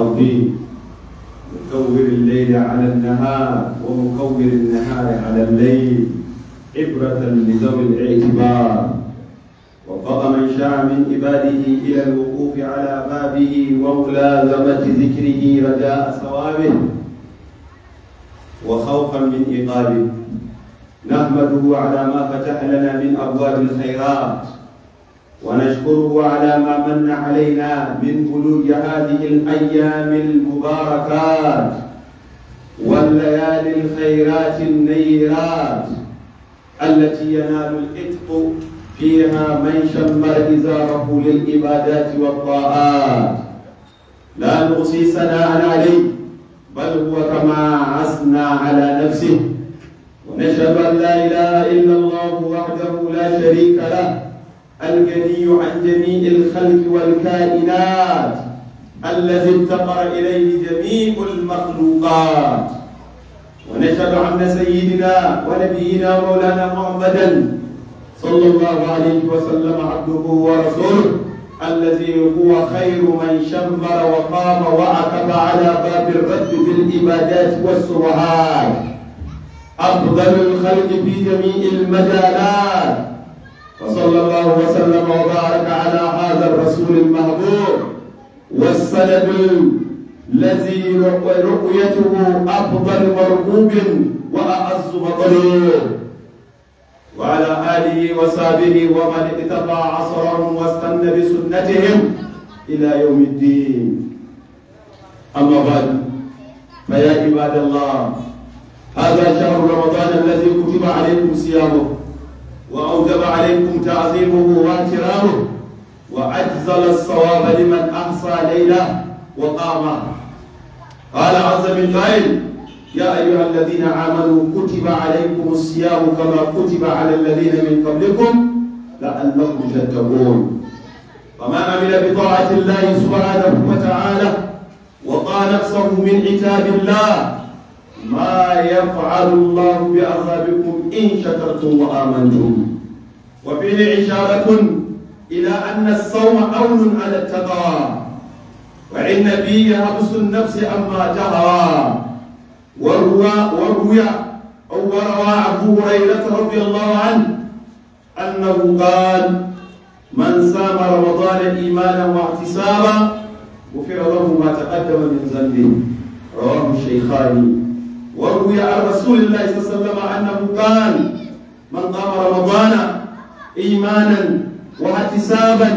ربي مكور الليل على النهار ومكور النهار على الليل عبرة لذوي الاعتبار وفق من شاء من عباده إلى الوقوف على بابه وملازمة ذكره رجاء ثوابه وخوفا من عقابه نحمده على ما فتح لنا من أبواب الخيرات ونشكره على ما من علينا من بلوغ هذه الأيام المباركات والليالي الخيرات النيرات التي ينال الإتق فيها من شمر إزاره للعبادات والطاعات لا نوصي ثناء عليه بل هو كما عصنا على نفسه ونشهد أن لا إله إلا الله وحده لا شريك له الغني عن جميع الخلق والكائنات الذي افتقر إليه جميع المخلوقات ونشهد عن سيدنا ونبينا مولانا محمدا صلى الله عليه وسلم عبده ورسوله الذي هو خير من شمر وقام وعقب على باب الرد في العبادات والسرهات أفضل الخلق في جميع المجالات وصلى الله وسلم وبارك على هذا الرسول المهبوب والسند الذي رؤيته افضل مرغوب واعز مطلوب وعلى اله وصحبه ومن اتبع عصرهم واستنى بسنتهم الى يوم الدين اما بعد فيا عباد الله هذا شهر رمضان الذي كتب عليكم صيامه وأوجب عليكم تعظيمه وإكرامه وأجزل الصواب لمن أحصى ليلة وقام قال عز من قائل يا أيها الذين آمنوا كتب عليكم الصيام كما كتب على الذين من قبلكم لعلكم تتقون وما عمل بطاعة الله سبحانه وتعالى وقى نفسه من عتاب الله ما يفعل الله بأصحابكم إن شكرتم وآمنتم وفيه إشارة إلى أن الصوم عون على التقوى وإن فيه حبس النفس أما جرى وروى وروى أو وروى أبو هريرة رضي الله عنه أنه قال من صام رمضان إيمانا واحتسابا غفر له ما تقدم من ذنبه رواه الشيخان وروي عن رسول الله صلى الله عليه وسلم أنه قال من قام رمضان إيمانا واحتسابا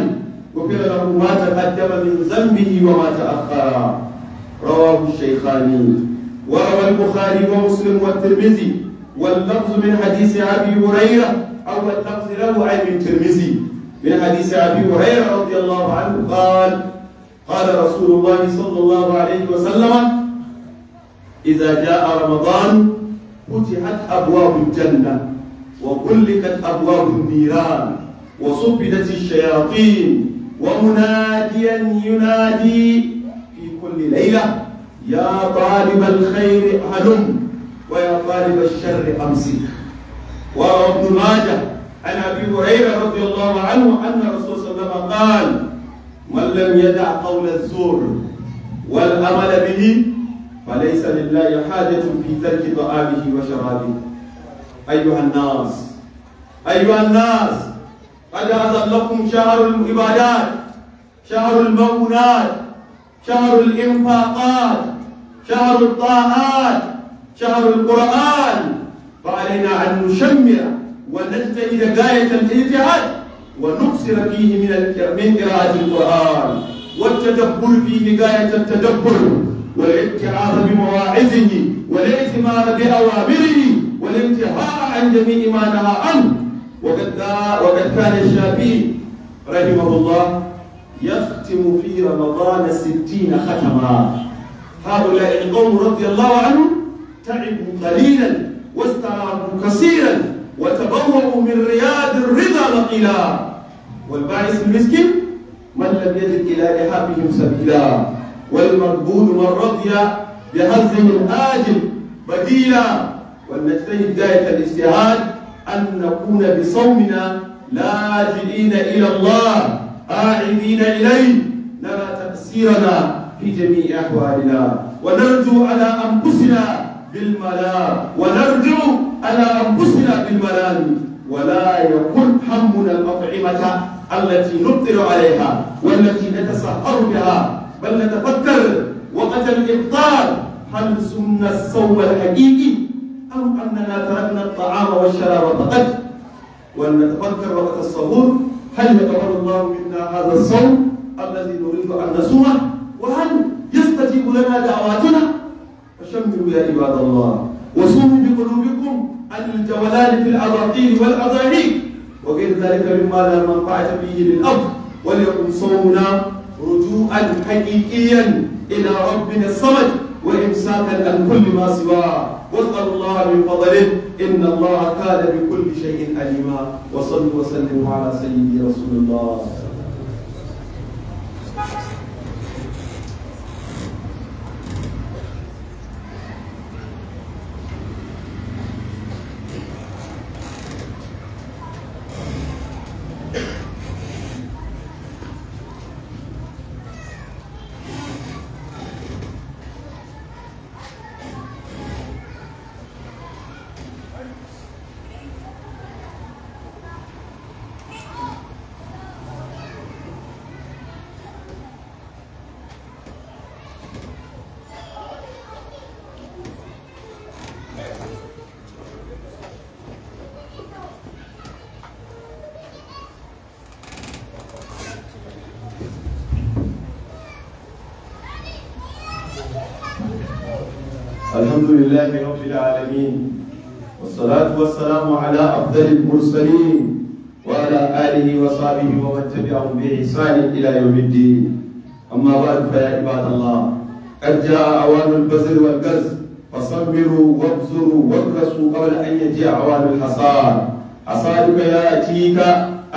غفر له ما تقدم من ذنبه وما تأخر رواه الشيخان وروى البخاري ومسلم والترمذي واللفظ من حديث أبي هريرة أو اللفظ له عن الترمذي من حديث أبي هريرة رضي الله عنه قال قال رسول الله صلى الله عليه وسلم إذا جاء رمضان فتحت أبواب الجنة وغلقت أبواب النيران وصبدت الشياطين ومناديا ينادي في كل ليلة يا طالب الخير هلم ويا طالب الشر أمسك وروى ابن ماجه عن أبي هريرة رضي الله عنه أن رسول صلى الله عليه وسلم قال من لم يدع قول الزور والأمل به فليس لله حاجة في ترك طعامه وشرابه أيها الناس أيها الناس قد أعظم لكم شهر العبادات شهر المؤونات شهر الإنفاقات شهر الطاعات شهر القرآن فعلينا أن نشمر ونجتهد غاية الاجتهاد ونقصر فيه من من قراءة القرآن والتدبر فيه غاية التدبر والاتعاظ بمواعظه والائتمار بأوامره والانتهاء عن جميع ما نهى عنه وقد وقد كان الشافعي رحمه الله يختم في رمضان ستين ختما هؤلاء القوم رضي الله عنهم تعبوا قليلا واستعانوا كثيرا وتبوأوا من رياض الرضا نقيلا والباعث المسكين من لم يجد إلى لحافهم سبيلا والمقبول والرضي بحذف الآجل بديلا ولنجتهد غاية الاجتهاد أن نكون بصومنا لاجئين إلى الله آعدين إليه نرى تأثيرنا في جميع أحوالنا ونرجو على أنفسنا بالملام ونرجو على أنفسنا بالملام ولا يكن همنا الأطعمة التي نفطر عليها والتي نتسهر بها بل نتفكر وقت الإفطار هل سمنا الصوم الحقيقي ام أننا تركنا الطعام والشراب فقط ولنتفكر وقت الصبور هل يقبل الله منا هذا الصوم الذي نريد أن نصومه وهل يستجيب لنا دعواتنا فشملوا يا عباد الله وصوموا بقلوبكم عن الجولان في الأراضين والأضاحي وغير ذلك مما لا منفعة فيه للأرض وليكن صومنا رجوعا حقيقيا إلى ربنا الصمد وإمساكا عن كل ما سواه واسأل الله من فضله إن الله كان بكل شيء عليما وصلوا وسلموا على سيدي رسول الله الحمد لله رب العالمين والصلاة والسلام على أفضل المرسلين وعلى آله وصحبه ومن تبعهم بإحسان إلى يوم الدين أما بعد فيا عباد الله قد جاء أوان البزر والكز فصبروا وابزروا وابرسوا قبل أن يجيء أوان الحصاد حصادك يأتيك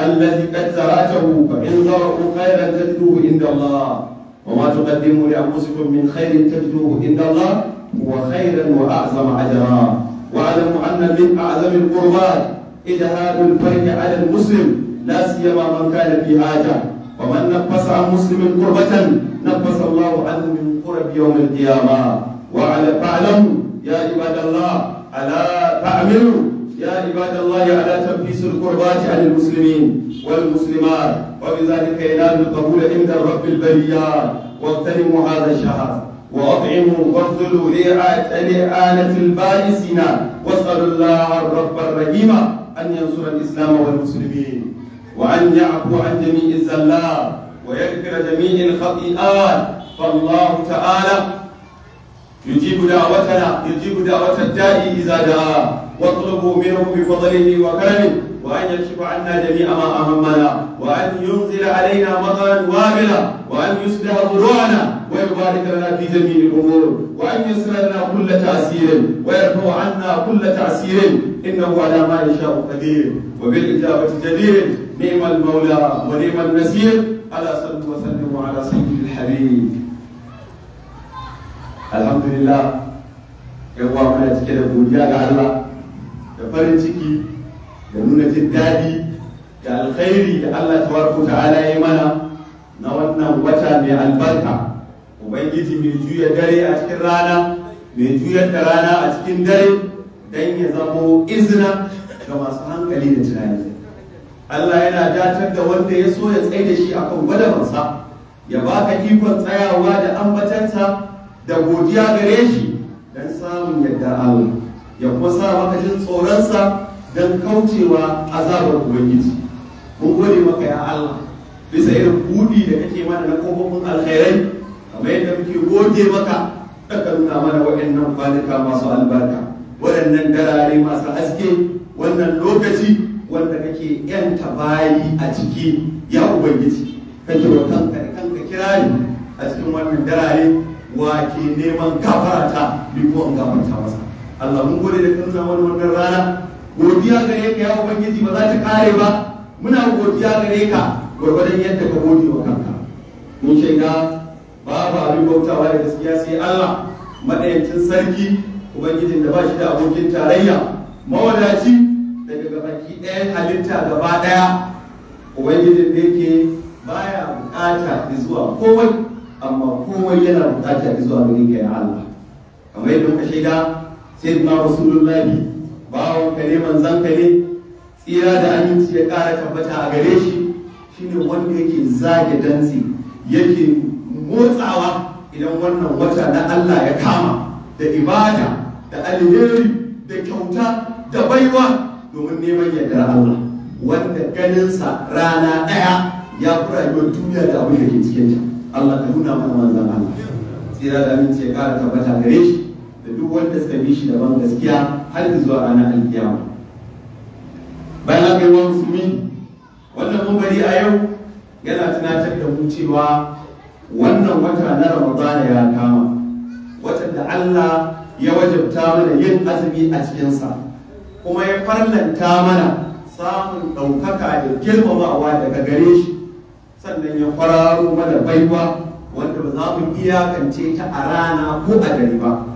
الذي قد زرعته فإن زرعوا خيرا تجدوه عند الله وما تقدموا لأنفسكم من خير تجدوه عند الله وخيرا وأعظم أجرا واعلموا أن من أعظم القربات إذهاب الفرج على المسلم لا سيما من كان في حاجة ومن نفس عن مسلم قربة نفس الله عنه من قرب يوم القيامة وعلى فاعلموا يا عباد الله ألا تعملوا يا عباد الله على تنفيس القربات عن المسلمين والمسلمات وبذلك ينال القبول عند رب البريات واغتنموا هذا الشهر وأطعموا وابذلوا لآلة البائسين واسألوا الله الرب الرحيم أن ينصر الإسلام والمسلمين وأن يعفو عن جميع الزلات ويغفر جميع الخطيئات فالله تعالى يجيب دعوتنا يجيب دعوة الداعي إذا دعا واطلبوا منه بفضله وكرمه وأن يكشف عنا جميع ما أهمنا وأن ينزل علينا مطرا وابلا وأن يصلح فروعنا ويبارك لنا في جميع الأمور وأن يسر لنا كل تأسير ويرفع عنا كل تعسير إنه على ما يشاء قدير وبالإجابة جدير نعم المولى ونعم النسير ألا صلوا وسلموا على سيد الحبيب الحمد لله يوم أنا تكلم وياك الله يا farin ciki da nuna jin daɗi da alkhairi da Allah tabaraka ta'ala ya mana na wannan wata mai albarka ubangiji mai juya dare a cikin rana mai juya da rana a cikin dare don ya zamo izina ga masu hankali da tunani Allah yana datar da wanda ya so ya tsaye da shi akan gwadabansa ya baka ikon tsayawa da ambatansa da godiya gare shi don samun yadda Allah ya kuma sa maka jin tsoronsa don kaucewa azabar ubangiji mun gode maka ya Allah bisa irin budi da kake mana na kofofin alkhairai kamar yadda muke gode maka daga nuna mana waɗannan kwanuka masu albarka waɗannan darare masu haske wannan lokaci wanda kake yanta bayi a ciki ya ubangiji kake wa kanka da kanka kirari a cikin wannan darare wa ke neman gafarata ni ko an gafarta masa Allah mun gode da kan wani wannan rana godiya gare ka ya ubangiji ba za ta kare ba muna godiya gare ka gwargwadon yadda ka gode wa kanka mun shaida babu abin bautawa da gaskiya sai Allah madayancin sarki ubangijin da ba shi da abokin tarayya mawadaci daga gabaki ɗaya halitta gaba ɗaya ubangijin da yake baya bukata zuwa komai amma komai yana bukata zuwa gare ka Allah kamar yadda muka shaida sayyidina rasulullahi bawon kare manzan ne? tsira da aminci ya ƙara tabbata a gare shi shine wanda yake zage dantsi yake motsawa idan wannan wata na Allah ya kama da ibada da alheri da kyauta da baiwa domin neman yardar Allah wanda ganinsa rana ɗaya ya fi rayuwar duniya da abin da ke cikinta Allah ka nuna mana manzan Allah tsira da aminci ya ƙara tabbata gare shi da duk wanda suka bi shi daban gaskiya har zuwa ranar alkiyama bayan haka yawan musulmi wannan mumbari a yau yana tunatar da mu cewa wannan wata na ramadana ya kama watan da allah ya wajabta mana yin azumi a cikinsa kuma ya farlanta mana samun ɗaukaka da girmamawa daga gare shi sannan ya kwararo mana baiwa wanda ba za mu iyakance ta a rana ko a gari ba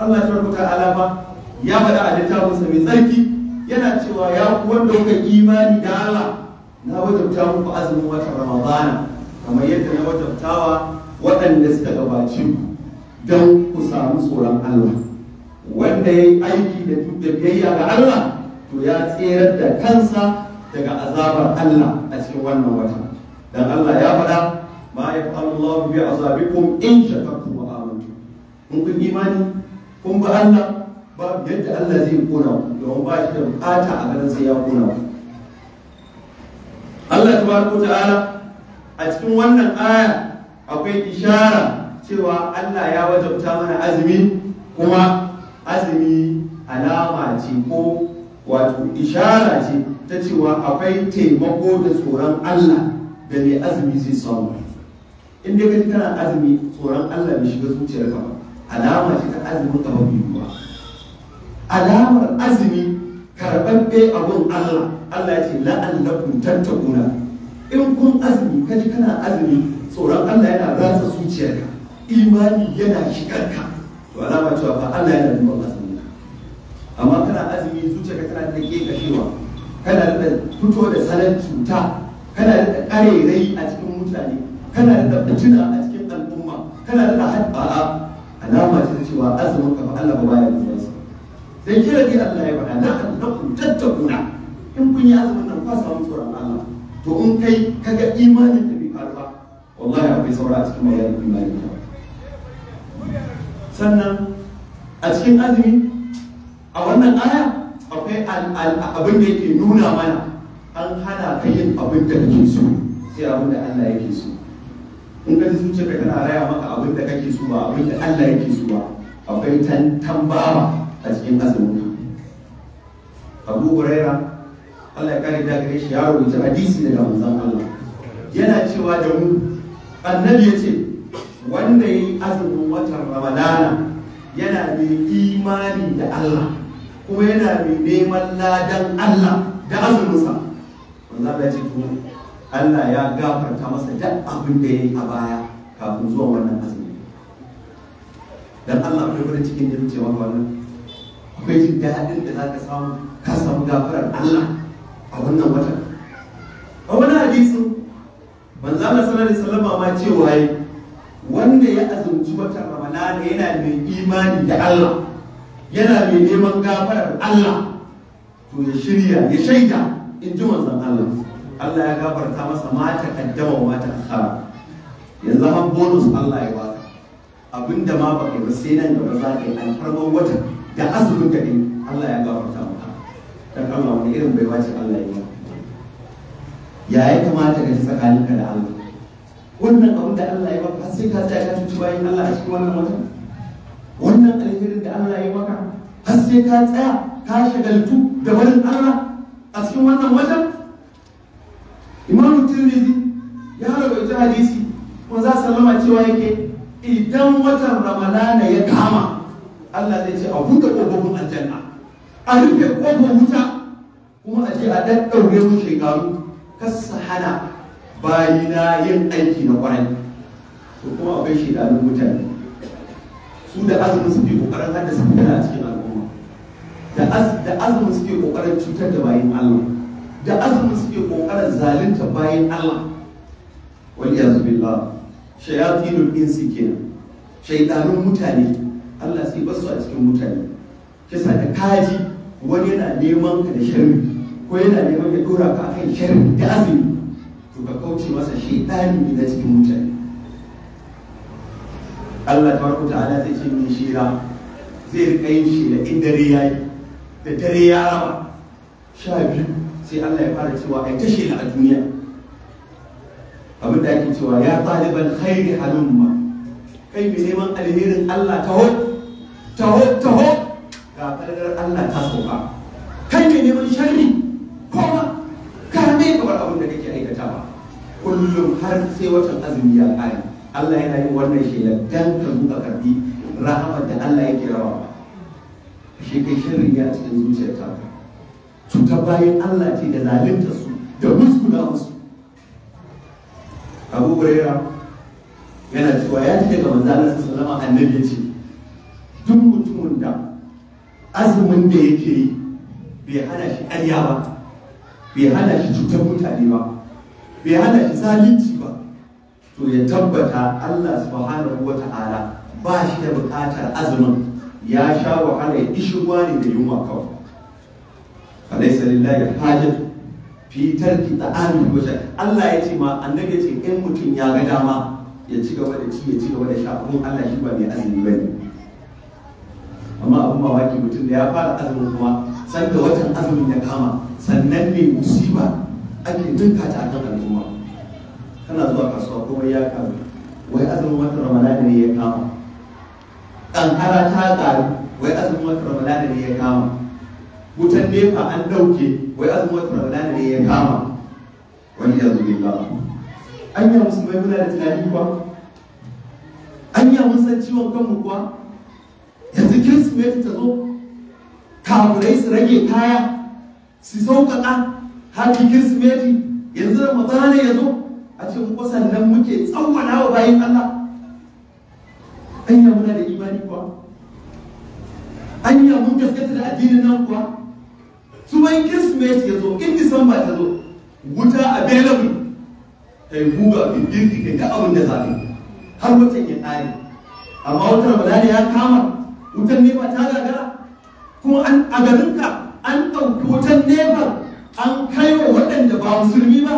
Allah ta rubuta alama ya faɗa a sa mai tsarki yana cewa ya ku wanda kuka imani da Allah na wajabta muku azumin watan Ramadana kamar yadda na wajabtawa waɗanda suka gabaci ku don ku samu tsoron Allah wanda ya yi aiki da biyayya ga Allah to ya tserar da kansa daga azabar Allah a cikin wannan wata dan Allah ya faɗa ma yaf'alullahu bi azabikum in shakartum wa amantum in kun imani kun ba Allah ba yadda Allah zai kona ku domin ba shi da bukata a ganin sai ya kona ku Allah tabaraka ta'ala a cikin wannan aya akwai ishara cewa Allah ya wajabta mana azumi kuma azumi alama ce ko wato ishara ce ta cewa akwai taimako da tsoron Allah da mai azumi zai samu in dai kana azumi tsoron Allah bai shiga zuciyarka ba alama ta azumin yiwuwa alamar azumi karɓaɓɓe abun Allah Allah ya ce la'allakum tattakuna in kun azumi kaji kana azumi tsoron Allah yana ratsa zuciyarka imani yana shigarka to alama cewa fa Allah yana duban azuminka amma kana azumi zuciyarka tana da kashewa kana da fito da salon cuta kana da ƙarerai a cikin mutane kana da fitina a cikin al'umma kana da a'a alama ce ta cewa azumin kafa Allah ba baya da su zai kira dai Allah ya faɗa na annakum tattakuna in kun yi azumin nan kwasa samu tsoron Allah to in kai ka ga imanin da bi faruwa ba wallahi akwai saura a cikin maganar imanin ka sannan a cikin azumi a wannan aya akwai abin da yake nuna mana an hana ka yin abin da kake so sai abin da Allah yake so in ka ji ka tana raya maka abin da kake so ba abin da Allah yake so ba akwai tantambawa a cikin azumin Abu Huraira Allah ya kare daga shi yaro da hadisi daga manzon Allah yana cewa da mu annabi ya ce wanda ya yi azumin watan Ramadana yana mai imani da Allah kuma yana mai neman ladan Allah da azuminsa sa wannan ya ce to Allah ya gafarta masa duk abin da ya yi a baya kafin zuwa wannan azumi dan Allah bai farin cikin da cewa wannan akwai jin daɗin da za ka samu ka samu gafarar Allah a wannan watan a wani hadisi manzo Allah sallallahu alaihi wasallam ma cewa yi wanda ya azumci wata Ramadan yana mai imani da Allah yana mai neman gafarar Allah to ya shirya ya shaida in ji manzon Allah Allah ya gafarta masa ma kaddama mata khara yanzu har bonus Allah ya baka abinda ma baka ba sai nan gaba za ka yi farko wata da azumin da kai Allah ya gafarta maka dan Allah wani irin bai wace Allah ya yi ya ya kamata ka ji tsakaninka da Allah wannan abin da Allah ya baka sai ka tsaya ka tuba yin Allah a cikin wannan wata wannan alherin da Allah ya baka har sai ka tsaya ka shagaltu da barin Allah a cikin wannan wata. ya rawaita hadisi za su lama cewa yake idan watan ramadana ya kama Allah zai ce a buɗe ƙofofin aljanna a rufe ƙofofin wuta kuma a ce a daddaure mu shekaru kasa hana bayina yin aiki na kwarai to kuma akwai shekarun mutane su da azumin suke kokarin hada su fitina a cikin al'umma da azumin suke kokarin cutar da bayin Allah da azumin suke kokarin zalunta bayin Allah wal billah shayatinul insi kenan shaytanun mutane Allah sai basu a cikin mutane kisa da kaji wani yana neman ka da sharri ko yana neman ya dora ka akan sharri da azumi to ka kauce masa shaytani ne na cikin mutane Allah tabaraka ta'ala zai ce min shira zai rika yin shira in dare yayi da dare ya raba sha biyu sai Allah ya fara cewa ai tashi a duniya abin da ake cewa ya taliban khairi halumma kai mai neman alherin Allah taho ta taho ga ƙarƙar Allah ta sauka kai mai neman sharri koma ka ne kamar abin da kake ba. kullum har sai watan azumi ya ƙare Allah yana yin wannan shelar dan ka buga karbi rahamar da Allah yake rawa shi kai sharri ya cikin zuciyarka cutar bayan Allah ce da zalunta su da da musu abu huraira yana cewa ya ce ga manzo Allah sallallahu alaihi ce duk mutumin da azumin da yake yi bai hana shi ƙarya ba bai hana shi cutar mutane ba bai hana shi zalunci ba to ya tabbata Allah subhanahu wa ta'ala ba shi da bukatar azumin ya sha wahala ya ishi ne da yunwa kawai. Alaysa lillahi hajatu fitar ki da amin goshen Allah ya ce ma annabi ya ce in mutum ya ga dama ya ci gaba da ci ya ci gaba da sha kuma Allah shi ba mai azumi ba ne amma abin waki mutum da ya fara azumin kuma sanda watan azumin ya kama sannan ne musiba ake dinka ta akan al'umma kana zuwa kasuwa kuma ya kama wai azumin wata ramadana ne ya kama kankara ta karu wai azumin wata ramadana ne ya kama wutan nefa an ɗauke wai azumin wata ramadan ne ya kama wani ya zo billah an yi musulmai muna da tunani an yi mun san ciwon kuwa yanzu kirsimeti ta zo kamurai su rage kaya su sauƙaƙa hafi kirsimeti yanzu ramadana ya zo a ce mu nan muke tsawwala wa bayan allah an yi muna da kuwa an yi mun da addinin nan kuwa su bai kirsimeti ya zo in disamba ta zo wuta a available kai buga kai girki kai ta abin da zaɓi har watan ya ƙare amma watan ramadani ya kama wutan nefa ta gagara kuma an a garinka an ɗauki wutan nefa an kai wa waɗanda ba musulmi ba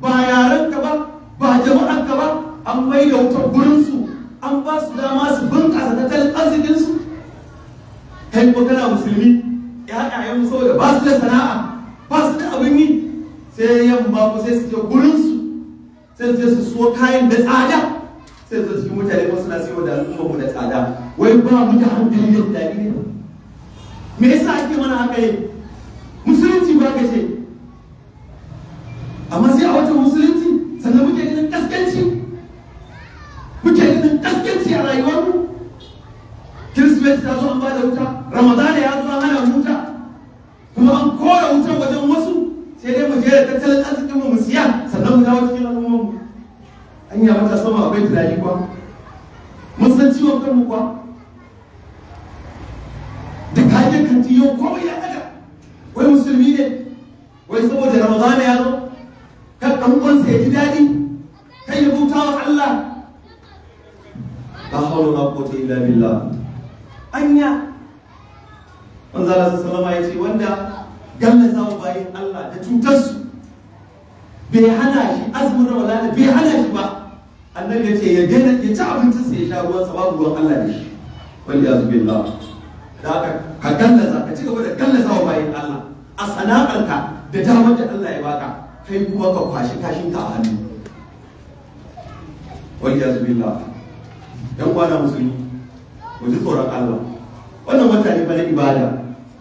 ba yarenka ba ba jama'anka ba an mai da gurin gurinsu an ba su dama su bunƙasa tattalin arzikinsu kai ko kana musulmi ƴaƴayen so da ba su da sana'a ba su da abin yi sai yamma ku sai su je gurin su sai su je su so kayan da tsada sai su ji mutane ba suna siyo da al'umma mu da tsada wai ba mu da hankali da tunani ne me yasa ake mana haka yi musulunci ba ka ce amma sai a wata musulunci sannan muke ganin kaskanci muke ganin kaskanci a rayuwarmu kirismeti ta zo an ba da wuta ramadana ya zo da tattalin arzikin mu musiya sannan mu dawo cikin al'ummar mu an yi abin da sama akwai tunani kwa mun san ciwon kanmu kwa da kayan kanti yau komai ya daga wai musulmi ne wai saboda ramadana ya zo kan dan uwansa ya ji daɗi kan yi bauta wa Allah la hawla wala quwwata illa billah anya manzo Allah sallallahu alaihi wasallam ya ce wanda gallaza wa bayin Allah da cutar su bai hana shi azumin ramadana bai hana shi ba annabi ya ce ya daina ya ci abinci sai ya sha ruwan sa babu ruwan Allah da shi wal yazu billah da ka ka gallaza ka ci gaba da gallaza wa bayin Allah a sana'arka da damar da Allah ya baka kai kuma ka kwashi kashin ka a hannu wal yazu billah dan kwana musulmi ku ji tsoron Allah wannan wata ne bala ibada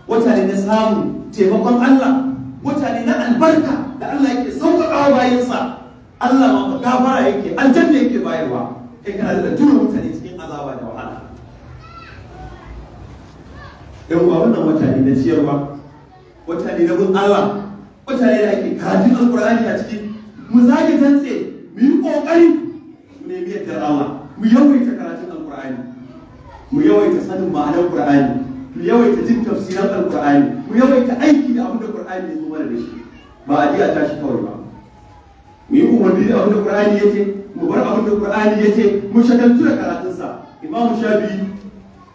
wata ne na samu taimakon Allah wata ne na albarka da Allah yake sauƙaƙa bayansa Allah ma gafara yake aljanna yake bayarwa kai kana da tura mutane cikin azaba da wahala yan uwa wannan wata ne na ciyarwa wata ne na bin Allah wata ne da ake karatun alƙur'ani a cikin, mu zage tantse mu yi kokari mu nemi yadda Allah mu yawaita karatun alƙur'ani mu yawaita sanin ma'anar ƙur'ani mu yawaita jin tafsirin alƙur'ani mu yawaita aiki da abin da ƙur'ani ya zo mana da shi ba a ji tashi kawai ba mu yi umarni da abin da ya ce mu bar abin da ya ce, mu shagaltu da karatunsa imamu Shabi,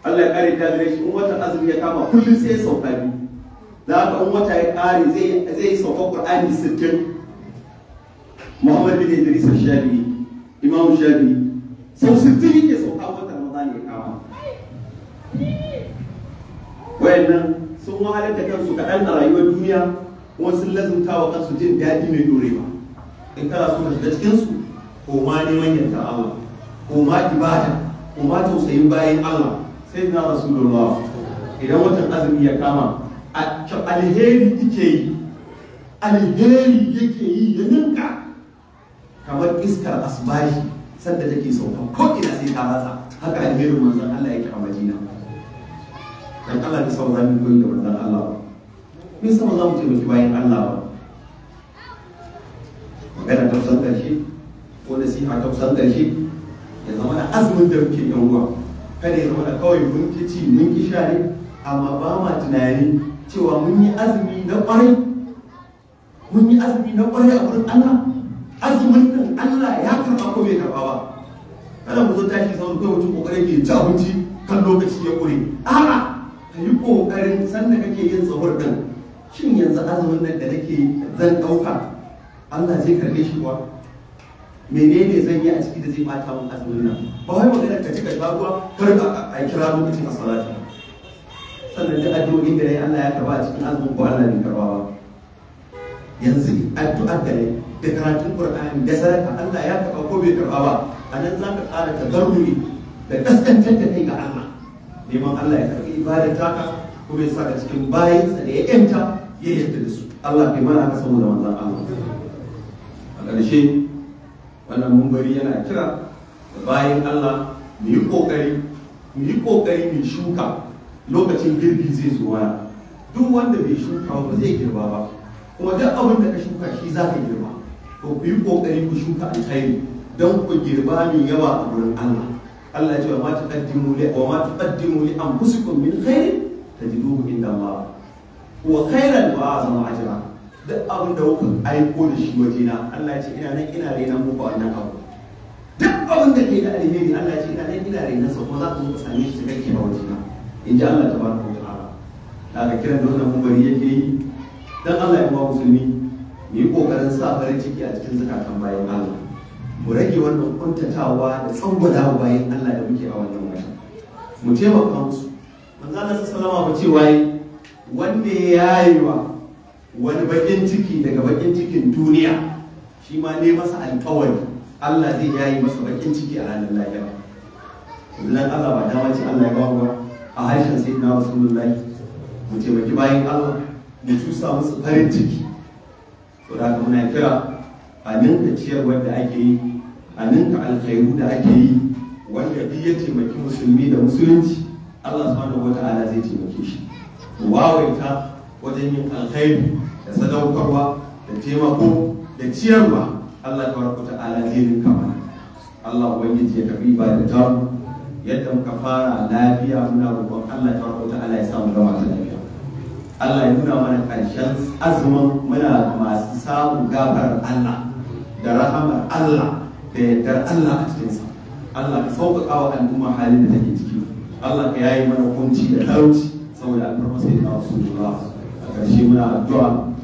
Allah ya kare da shi in wata azumi ya kama kullum sai ya sauka biyu da haka in wata ya kare zai zai sauka qur'ani 60 Muhammad bin Idris Shafi imamu Shabi, sau sittin yake sauka wata Ramadan ya kama wayannan sun wahalar da kansu kaɗan a rayuwar duniya kuma sun lazumta wa kansu jin daɗi mai dorewa in kana so ka shiga cikinsu ko ma neman yanta Allah ko ma ibada ko ma tausayin bayan Allah sai na rasulullah idan watan azumi ya kama alheri yake yi alheri yake yi ya ninka kamar iskar asbashi, sanda take sauka ko ina sai ta ratsa haka alherin manzon Allah yake a Madina dan Allah ya saurari da manzon Allah me yasa ba za mu taimaki bayan Allah ba magana ta kusan ƙarshe ko nasiha ta kusan ƙarshe ya zama da azumin da muke yan uwa. kada ya zama da kawai mun ki ci mun ki sha amma ba ma tunani cewa mun yi azumi na ƙwarai mun yi azumi na ƙwarai a wurin Allah azumin nan Allah ya karɓa ko bai karɓa ba kada mu zo tashi sau kai mutum kokarin ke ci abinci kan lokaci ya ƙure a'a ka yi ƙoƙarin sanda kake yin tsawar ɗin shin yanzu azumin nan da nake zan ɗauka Allah zai karbe shi kuwa menene zan yi a ciki da zai bata min azumin nan ba wai magana ka ci ka sha ruwa kar a kira lokacin a salati sannan da addu'o'in da nayi Allah ya karba a cikin azumin ko Allah bai karba ba yanzu addu'ar da nayi da karatun Qur'ani da sadaka Allah ya karba ko bai karba ba a nan za ka ƙara tabarruri da kaskantar da kai ga Allah neman Allah ya karbi ibadar taka kuma ya sa cikin bayinsa da ya yanta ya yanta da su Allah kai mana mu da manzon Allah a ƙarshe wannan mumbari yana kira da bayan Allah mu yi ƙoƙari mu yi ƙoƙari mu shuka lokacin girbi zai zo mana duk wanda bai shuka ba zai girba ba kuma duk abin da ka shuka shi za ka girba to ku yi ƙoƙari ku shuka alkhairi don ku girba mai yawa a wurin Allah Allah ya ce wa ma taqaddimu li wa ma taqaddimu li anfusikum min khairin tajiduhu inda ma wa khairan ba azama ajra duk abin da kuka aiko da shi waje na, Allah ya ce ina nan ina rena muku wannan abu duk abin da ke da alheri Allah ya ce ina nan ina rena sa ko za ku zo shi same ke cikakke a na. in ji Allah tabaraka wa ta'ala daga kiran da wannan mubari yake yi dan Allah ya kuma musulmi mu yi kokarin sa farin ciki a cikin zakatan bayan Allah mu rage wannan kuntatawa da tsangwada bayan Allah da muke a wannan wata mu taimaka musu manzo Allah sallallahu alaihi wasallam wanda ya wa wani bakin ciki daga bakin cikin duniya shi ma ne masa alkawari Allah zai yayi masa bakin ciki a ranar lahira idan Allah ba dama ce Allah ya ba ba a harshen sai rasulullahi mu taimaki bayan Allah mu cusa musu farin ciki to da muna kira a ninka ciyarwar da ake yi a ninka alkhairu da ake yi wanda duk ya taimaki musulmi da musulunci Allah subhanahu wata'ala zai taimake shi wawaita wajen yin alkhairi da sadaukarwa da taimako da ciyarwa Allah tabaraka ta'ala zai rinka mana Allah ubangiji ya karbi da ta yadda muka fara lafiya muna roƙon Allah tabaraka ta'ala ya samu gama ta lafiya Allah ya nuna mana karshen azumin muna masu samun gafarar Allah da rahamar Allah da yardar Allah a cikinsa Allah ka sauƙaƙa wa al'umma halin da take ciki Allah ka yayi mana hukunci da talauci saboda alfarma sai da Rasulullah a ƙarshe muna addu'a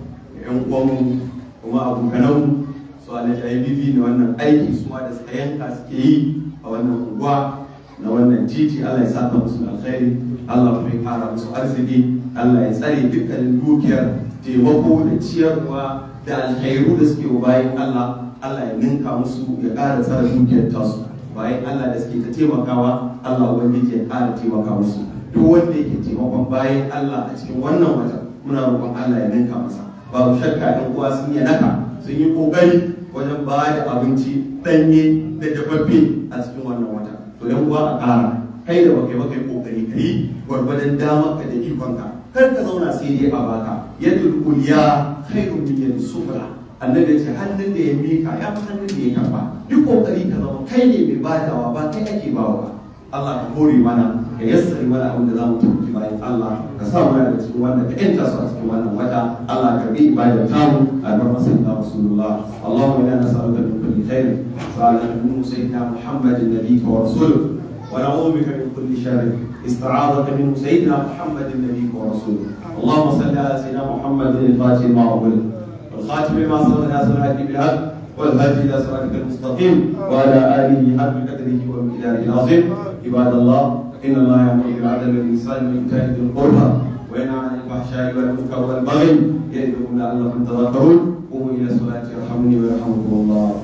ga ƴan uwanmu kuma abokananmu su alaƙa bibi da wannan aiki su ma da tsayen ka suke yi a wannan unguwa na wannan titi Allah ya saka musu alkhairi Allah kuma ya kara musu arziki Allah ya tsare dukkanin dukiyar taimako da ciyarwa da alkhairu da suke bayan Allah Allah ya ninka musu ya ƙara tsara dukiyar tasu bayan Allah da suke ta taimakawa Allah ubangiji ya ƙara taimaka musu duk wanda yake taimakon bayan Allah a cikin wannan wata muna roƙon Allah ya ninka masa babu shakka ɗan uwa sun yi naka sun yi ƙoƙari wajen ba da abinci ɗanye da dafaffe a cikin wannan wata to ɗan uwa a ƙara kai da bakai bakai ƙoƙari ka yi gwargwadon dama ka da ikonka kar ka zauna sai dai a baka yadda ya khairun min yadda sufura annabi ce hannun da ya mika ya fi hannun da ya karba duk ƙoƙari ka zama kai ne mai badawa ba kai ake bawa ba Allah ka kore mana ka yassari mana abin da za mu tafi bayan Allah ka sa mana da cikin wannan ka yanta su a cikin wannan wata Allah ka bi ibadar tamu a barkan sayyidina rasulullah Allahumma inna nas'aluka min kulli khair sa'alaka min sayyidina Muhammadin nabiyyika wa rasuluh ونعوذ بك من كل شر استعاذك منه سيدنا محمد النبي ورسوله اللهم صل على سيدنا محمد الفاتح ما أغلق والخاتم ما صلى على سيدنا بالحق والهدي الى صراطك المستقيم وعلى اله حق قدره ومقداره العظيم عباد الله ان الله يامر بالعدل والانسان والانكار القربى وينهى عن الفحشاء والمنكر والبغي يعظكم لعلكم تذكرون قوموا الى الصلاه يرحمني ويرحمكم الله